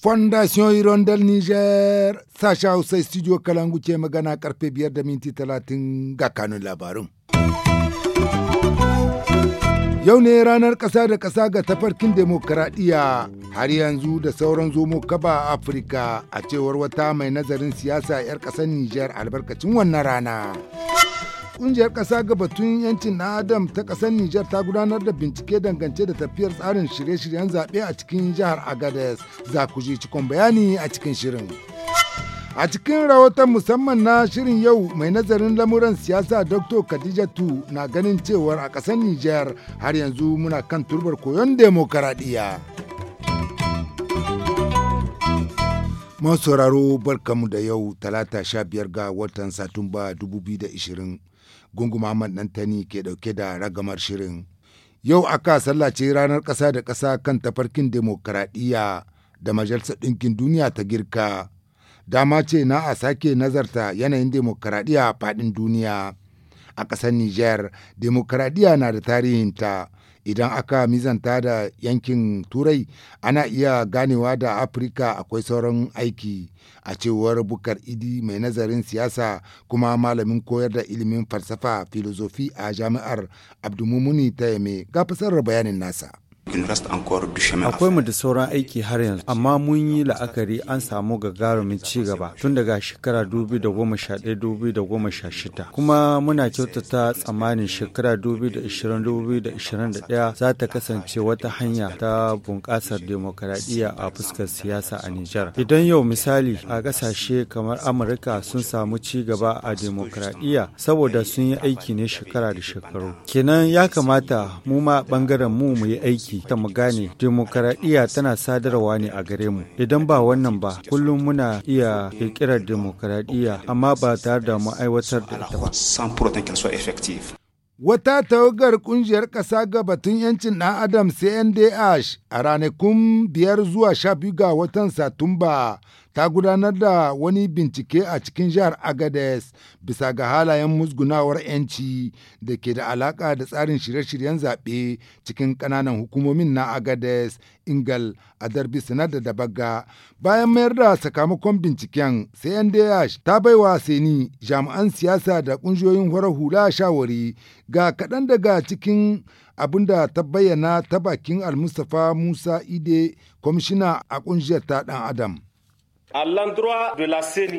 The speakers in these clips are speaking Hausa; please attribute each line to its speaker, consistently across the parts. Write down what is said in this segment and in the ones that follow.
Speaker 1: Fondation Hirondel Niger. sacha Hausa studio Kalangu ce gana karpe biyar da minti talatin ga kanun labarin. Yau ne ranar ƙasa da ƙasa ga tafarkin demokaradiyya har yanzu da sauran zomo kaba a Afirka a cewar wata mai nazarin siyasa 'yar ƙasar Nijar albarkacin wannan rana. Ƙungiyar ƙasa ga batun yancin na Adam ta ƙasar Nijar ta gudanar da bincike dangance da tafiyar tsarin shirye-shiryen zaɓe a cikin jihar Agadez. Za ku ji cikon bayani a cikin shirin. A cikin rahoton musamman na shirin yau mai nazarin lamuran siyasa Dr. Khadija Khadijatu na ganin cewar a ƙasar Nijar har yanzu muna kan turbar koyon demokaradiyya. sauraro barkamu da yau talata sha biyar ga watan Satumba 2020 gunguma Dantani ke dauke da ragamar shirin. Yau aka sallace ranar ƙasa da ƙasa kan tafarkin demokaradiyya da Majalisar Ɗinkin Duniya ta girka. dama ce na a sake nazarta yanayin demokaradiyya a faɗin duniya a ƙasar Nijar, demokaradiyya na da tarihinta idan aka mizanta da yankin turai ana iya ganewa da afirka akwai sauran aiki a cewar bukar idi mai nazarin siyasa kuma malamin koyar da ilimin falsafa filozofi a jami'ar abdulmumuni ta yame ga fasarar bayanin nasa Akwai mu da sauran aiki har yanzu, amma mun yi la'akari an samu gagarumin
Speaker 2: ci gaba tun daga shekara 2011-2016. Kuma muna kyautata tsammanin shekara 2020-2021 za ta kasance wata hanya ta bunƙasar demokaradiyya a fuskar siyasa a Nijar. Idan yau misali a ƙasashe kamar Amurka sun samu ci gaba a demokaradiyya saboda sun yi aiki ne shekara da shekaru. Kenan ya kamata mu ma ɓangaren mu mu yi aiki ta mu gane demokaradiyya tana sadarwa ne a gare mu idan ba wannan ba kullum muna iya kirkirar demokaradiyya amma ba tare da mu aiwatar da ita ba
Speaker 1: Wata tawagar kungiyar ƙasa ga batun 'yancin ɗan Adam CNDH a ranakun biyar zuwa sha biyu ga watan Satumba ta gudanar da wani bincike a cikin jihar Agades bisa ga halayen musgunawar 'yanci da ke da alaƙa da tsarin shirye-shiryen zaɓe cikin ƙananan hukumomin na Agades, Ingal, Adarbi, Sanar da Dabaga. Bayan mayar da sakamakon binciken, sai CNDH ta bai wa Seni jami'an siyasa da ƙungiyoyin horar hula shawari ga kaɗan daga cikin abin da ta bayyana ta bakin Almustafa musa ide kwamishina a ƙungiyar ta ɗan adam.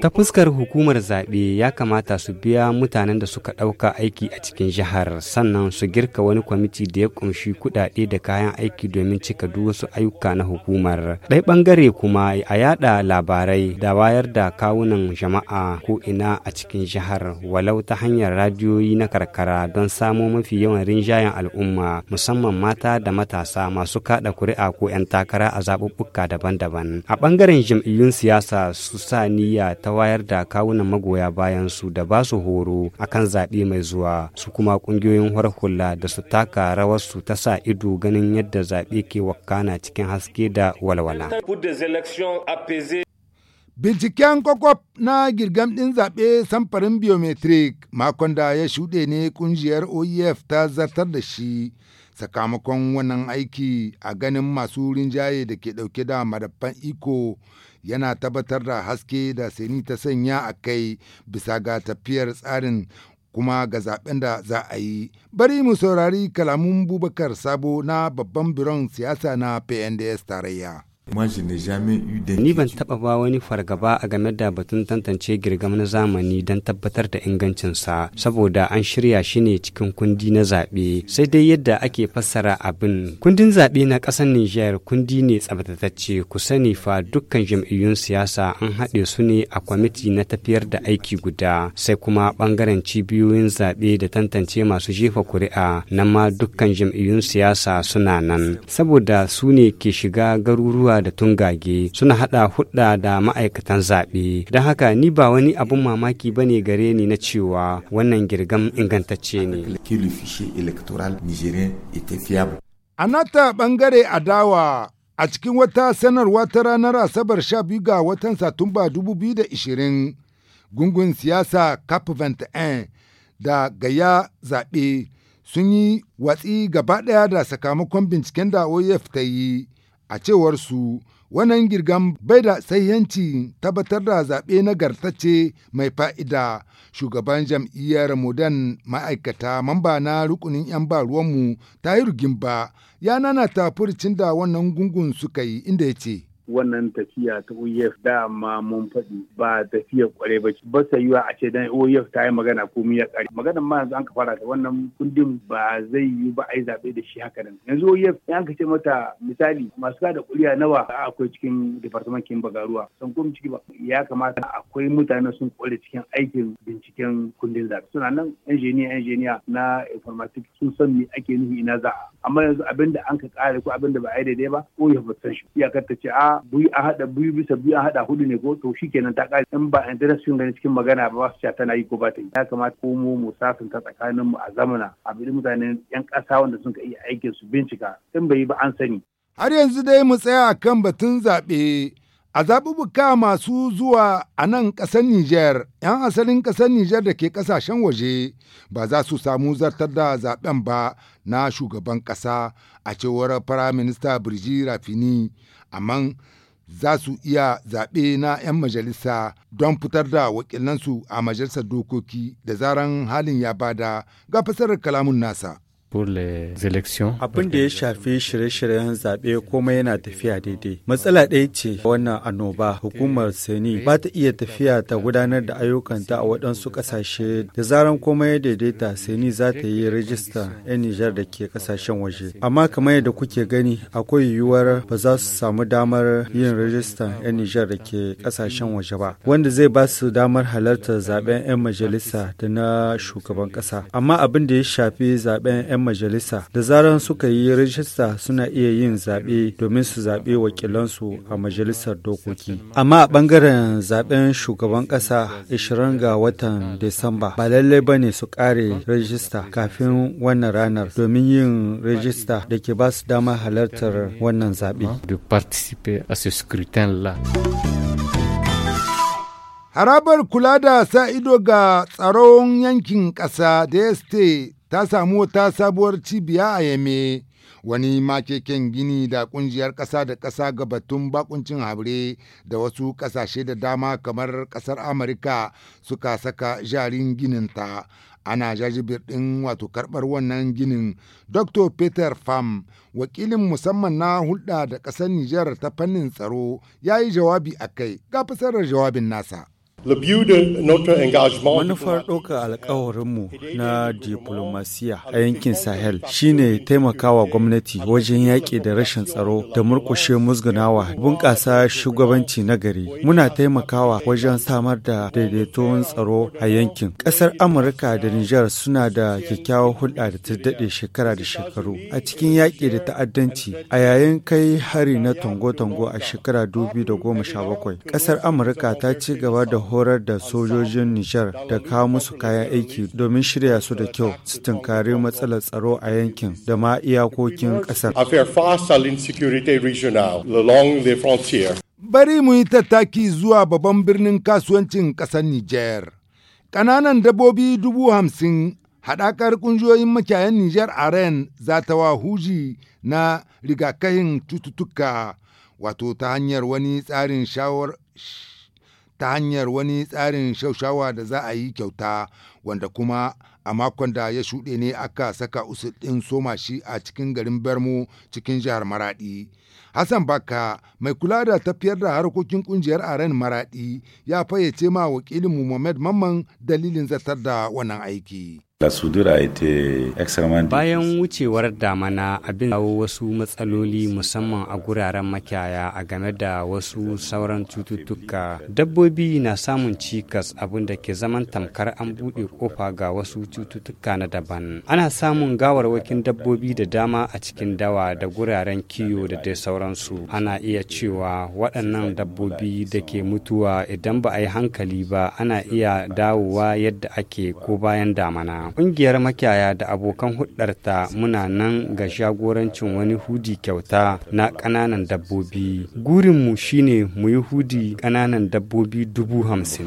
Speaker 3: Ta fuskar hukumar zaɓe ya kamata su biya mutanen da suka ɗauka aiki a cikin jihar sannan su girka wani kwamiti da ya ƙunshi kuɗaɗe da kayan aiki domin cika duk wasu ayyuka na hukumar. Ɗai ɓangare kuma a yaɗa labarai da wayar da kawunan jama'a ko ina a cikin jihar walau ta hanyar radiyoyi na karkara don samo mafi yawan rinjayen al'umma musamman mata da matasa masu kaɗa kuri'a ko 'yan takara a zaɓuɓɓuka daban-daban. A ɓangaren jam'iyyun siyasa siyasa su sa niyya ta wayar da kawunan magoya bayan su da ba su horo akan zaɓe mai zuwa su kuma ƙungiyoyin hula da su taka rawar su ta sa ido ganin yadda zaɓe ke wakana cikin haske da
Speaker 1: walwala. Binciken kokop na girgam ɗin zaɓe samfarin biometric makon da ya shuɗe ne ƙungiyar OEF ta zartar da shi sakamakon wannan aiki a ganin masu rinjaye da ke ɗauke da madafan iko yana tabbatar da haske da sani ta sanya a kai bisa ga tafiyar tsarin kuma ga zaɓen da za a yi. Bari mu saurari kalamun Bubakar Sabo na babban biron siyasa na PNDS tarayya.
Speaker 3: Ni ban taɓa ba wani fargaba a game da batun tantance girgam na zamani don tabbatar da ingancinsa, saboda an shirya shi ne cikin kundi na zaɓe, sai dai yadda ake fassara abin. Kundin zaɓe na ƙasar Nijar kundi ne tsabtatacce ku sani fa dukkan jam'iyyun siyasa an haɗe su ne a kwamiti na tafiyar da aiki guda, sai kuma ɓangaren cibiyoyin zaɓe da tantance masu jefa kuri'a, nan ma dukkan jam'iyyun siyasa suna nan, saboda su ne ke shiga garuruwa zuwa da tungage suna hada hudda da ma'aikatan zaɓe don haka ni ba wani abun mamaki ba ne gare ni na cewa wannan girgam ingantacce ne
Speaker 1: anata bangare ɓangare dawa a cikin wata sanarwa ta ranar asabar sha biyu ga watan satumba 2020 gungun siyasa cap 21 da gaya zaɓe sun yi watsi gaba ɗaya da sakamakon binciken da oef ta yi A cewar su, wannan girgan bai da sahihanci tabbatar da zaɓe nagartacce mai fa'ida shugaban jam'iyyar modern ma'aikata mamba na rukunin 'yan ba ruwanmu ta yi ba ya nana ta furcin da wannan gungun suka yi inda ya ce
Speaker 2: wannan tafiya ta OEF dama mun faɗi ba tafiya kware ba ce ba yiwa a ce dan OEF ta yi magana ko mu ya kare maganar ma yanzu an ka fara ta wannan kundin ba zai yi ba a yi zaɓe da shi haka nan yanzu OEF ya ka ce mata misali masu kada kuriya nawa akwai cikin department kin bagaruwa san ciki ba ya kamata akwai mutane sun kware cikin aikin binciken kundin zaɓe suna nan injiniya injiniya na informatics sun san me ake nufi ina za amma yanzu abinda an ka kare ko abinda ba a yi daidai ba OEF ba san shi iyakar ta ce a kuma a hada biyu bisa biyu a hada hudu ne ko to kenan ta kare in ba a interest sun gani cikin magana ba su tana yi ko ba ta yi ya kamata ko mu mu ta tsakanin mu
Speaker 1: a zamana a
Speaker 2: bi mutanen yan kasa wanda sun ka iya aikin su bincika in bai yi ba an sani
Speaker 1: har yanzu dai mu tsaya kan batun zaɓe a zaɓuɓɓuka masu zuwa a nan ƙasar Nijar, 'yan asalin ƙasar Nijar da ke ƙasashen waje ba za su samu zartar da zaɓen ba na shugaban ƙasa a cewar Firaminista Birji Rafini amma za su iya zaɓe na 'yan majalisa don fitar da wakilansu a majalisar dokoki da zaran halin ya bada ga fasarar kalamun nasa. Abin da ya shafi shirye-shiryen zaɓe
Speaker 2: komai yana tafiya daidai. Matsala ɗaya ce wannan annoba hukumar Seni ba ta iya tafiya ta gudanar da ayyukanta a waɗansu ƙasashe da zaran komai ya daidaita Seni za ta yi rajista 'yan Nijar da ke ƙasashen waje. Amma kamar yadda kuke gani akwai yiwuwar ba za su samu damar yin rajista 'yan Nijar da ke ƙasashen waje ba, wanda zai ba su damar halartar zaben 'yan majalisa da na shugaban ƙasa. Amma abin da ya shafi zaɓen 'yan majalisa da zaran suka yi rajista suna iya yin zaɓe domin su zaɓe wakilansu a majalisar dokoki. Amma a ɓangaren zaɓen shugaban ƙasa 20 ga watan Disamba ba lallai ba ne su ƙare rajista kafin wannan ranar domin yin rajista da ke ba su dama halartar wannan zaɓe.
Speaker 1: Harabar kula da sa ido ga tsaron yankin ƙasa da ya ta samu wata sabuwar cibiya a Yame. Wani makeken gini da kungiyar ƙasa da ƙasa ga batun bakuncin habre da wasu ƙasashe da dama kamar ƙasar Amurka suka saka jarin ta. ana jajibir ɗin wato karɓar wannan ginin dr peter pham wakilin musamman na hulɗa da ƙasar nijar ta fannin tsaro ya yi jawabi a kai ga fasarar jawabin nasa Manufar
Speaker 2: ɗaukar alƙawarinmu na diplomasiya a yankin Sahel shine taimakawa gwamnati wajen yaƙi da rashin tsaro da murƙushe musgunawa bunƙasa shugabanci na gari. Muna taimakawa wajen samar da daidaiton tsaro a yankin. Ƙasar Amurka da Nijar suna da kyakkyawar hulɗa da ta daɗe shekara da shekaru a cikin yaƙi da ta'addanci a yayin kai hari na tango-tango a shekara 2017. Ƙasar Amurka ta ci gaba da horar da sojojin Nijar da kawo musu kayan aiki domin shirya su da kyau su tunkari matsalar tsaro a yankin da ma iyakokin ƙasar.
Speaker 1: Bari mu yi tattaki zuwa babban birnin kasuwancin ƙasar Nijar. Ƙananan dabobi dubu hamsin haɗakar ƙungiyoyin makiyayan Nijar a Ren za ta wa huji na rigakafin cututtuka wato ta hanyar wani tsarin shawar ta hanyar wani tsarin shaushawa da za a yi kyauta wanda kuma a makon da ya shuɗe ne aka saka usul ɗin soma shi a cikin garin bermo cikin jihar Maraɗi. hassan baka mai kula da tafiyar da harkokin kungiyar aren Maraɗi, ya fayyace ma wakilin mu mamman dalilin zartar da wannan aiki Bayan
Speaker 3: wucewar damana abin kawo wasu matsaloli musamman a guraren makiyaya a game da wasu sauran cututtuka. Dabbobi na samun cikas abin da ke zaman tamkar an buɗe kofa ga wasu cututtuka na daban. Ana samun gawarwakin dabbobi da dama a cikin dawa da guraren kiyo da dai sauransu. Ana iya cewa waɗannan dabbobi da ke mutuwa idan ba a yi hankali ba ana iya dawowa yadda ake ko bayan damana. kungiyar Ƙungiyar makiyaya da abokan hudarta muna nan ga shagorancin wani hudi kyauta na ƙananan dabbobi. Gurinmu shine mu yi hudi ƙananan dabbobi dubu
Speaker 1: hamsin.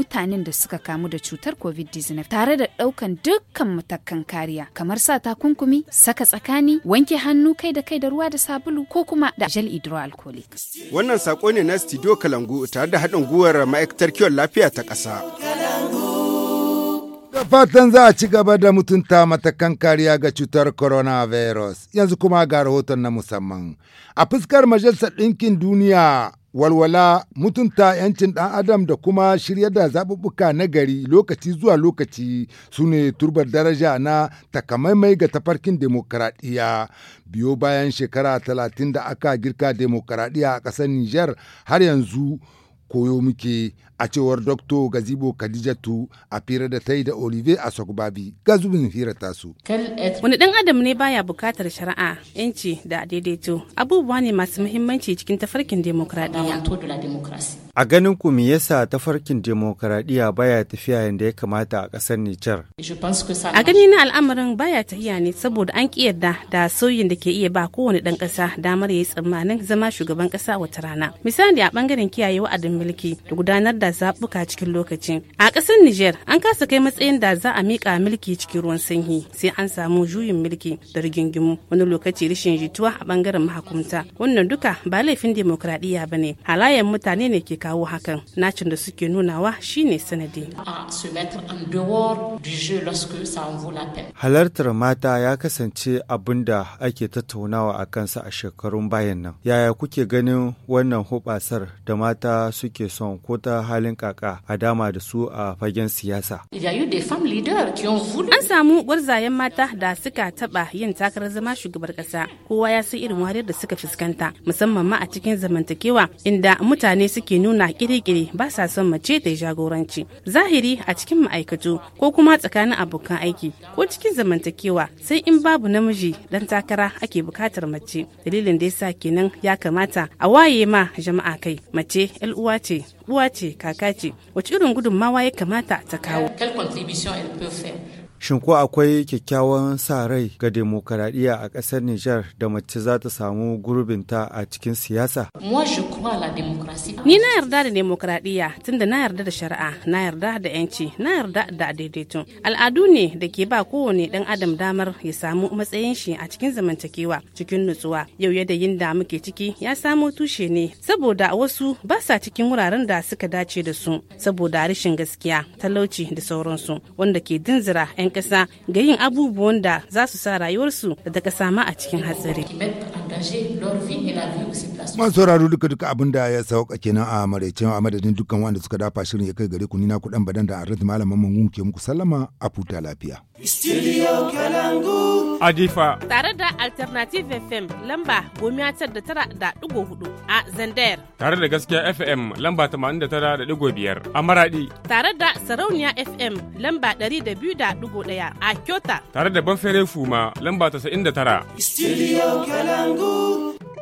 Speaker 4: mutanen da suka kamu da cutar covid-19 tare da ɗaukan dukkan matakan kariya kamar sa takunkumi saka tsakani wanke hannu kai da kai da ruwa da sabulu ko kuma da gel hydroalcoholic
Speaker 1: wannan sako ne na studio kalangu tare da haɗin gwiwar ma'aikatar kiwon lafiya ta ƙasa. da fatan za a ci gaba da mutunta matakan kariya ga cutar coronavirus yanzu kuma ga rahoton na musamman a fuskar majalisar ɗinkin duniya walwala mutunta 'yancin ɗan adam da kuma shirya da zaɓuɓɓuka na gari lokaci zuwa lokaci su ne turbar daraja na takamaimai ga tafarkin demokaradiyya biyo bayan shekara talatin da aka girka demokaradiyya a ƙasar niger har yanzu koyo muke a cewar dokto Gazibo Khadijatu a fira da ta yi da olive a ga zubin fira tasu.
Speaker 5: Wani ɗan adam ne baya bukatar shari'a, ‘yanci da daidaito abubuwa ne masu muhimmanci cikin tafarkin demokradiyya.
Speaker 2: A ganin ku me yasa tafarkin demokaradiyya baya tafiya yadda ya kamata a kasar Nijar?
Speaker 5: A gani na al'amarin baya tafiya ne saboda an kiyarda da sauyin da ke iya ba kowane ɗan ƙasa damar ya yi tsammanin zama shugaban ƙasa wata rana. Misali a ɓangaren kiyaye wa'adin mulki da gudanar da zaɓuka cikin lokaci. A ƙasar Nijar an kasa kai matsayin da za a miƙa mulki cikin ruwan sanyi sai an samu juyin mulki da rigingimu wani lokaci rashin jituwa a ɓangaren mahakumta. Wannan duka ba laifin demokradiyya ba ne halayen mutane ne ke kawo hakan nacin da suke nunawa shine sanadi
Speaker 2: halartar mata ya kasance abin da ake tattaunawa a kansa a shekarun bayan nan yaya kuke ganin wannan hubasar da mata suke son ko ta halin kaka a dama da su a fagen siyasa
Speaker 5: an samu gwarzayen mata da suka taba yin takarar zama shugabar kasa kowa ya san irin wariyar da suka fuskanta musamman ma a cikin zamantakewa inda mutane suke nuna nuna kirikiri ba sa son mace ta jagoranci zahiri a cikin ma'aikatu ko kuma tsakanin abokan aiki ko cikin zamantakewa sai in babu namiji dan takara ake bukatar mace dalilin da yasa kenan ya kamata a waye ma jama'a kai mace yan uwa ce uwa ce kaka ce wace irin gudunmawa ya kamata ta kawo
Speaker 2: Shin ko akwai kyakkyawan sa rai ga demokaradiyya a ƙasar Nijar da mace za ta samu gurbinta a cikin siyasa?
Speaker 5: Ni na yarda da demokaradiyya tunda na yarda da shari'a, na yarda da 'yanci, na yarda da daidaito. Al'adu ne da ke ba kowane ɗan adam damar ya samu matsayin shi a cikin zamantakewa cikin nutsuwa. Yau yin da muke ciki ya samo tushe ne saboda wasu ba sa cikin wuraren da suka dace da su saboda rashin gaskiya, talauci da sauransu wanda ke dinzira 'yan 'yan ƙasa ga yin abubuwan da za su sa rayuwarsu da daga sama a cikin hatsari.
Speaker 1: Masu sauraro duka duka abin da ya sauka kenan a maraice a madadin dukkan wanda suka dafa shirin ya kai gare ku nina kudan badan da arrit malaman mangun ke muku sallama a futa lafiya.
Speaker 5: Studio Adifa. Tare da Alternative FM lamba gomiya tar da tara da digo hudu a Zandayar.
Speaker 1: Tare da gaskiya FM lamba tamanin da tara da digo biyar a Maradi.
Speaker 5: Tare da Sarauniya FM lamba ɗari da biyu da digo ɗaya a Kyota.
Speaker 1: Tare da ban fere Fuma lamba 99.
Speaker 5: Studio
Speaker 2: Kalangu.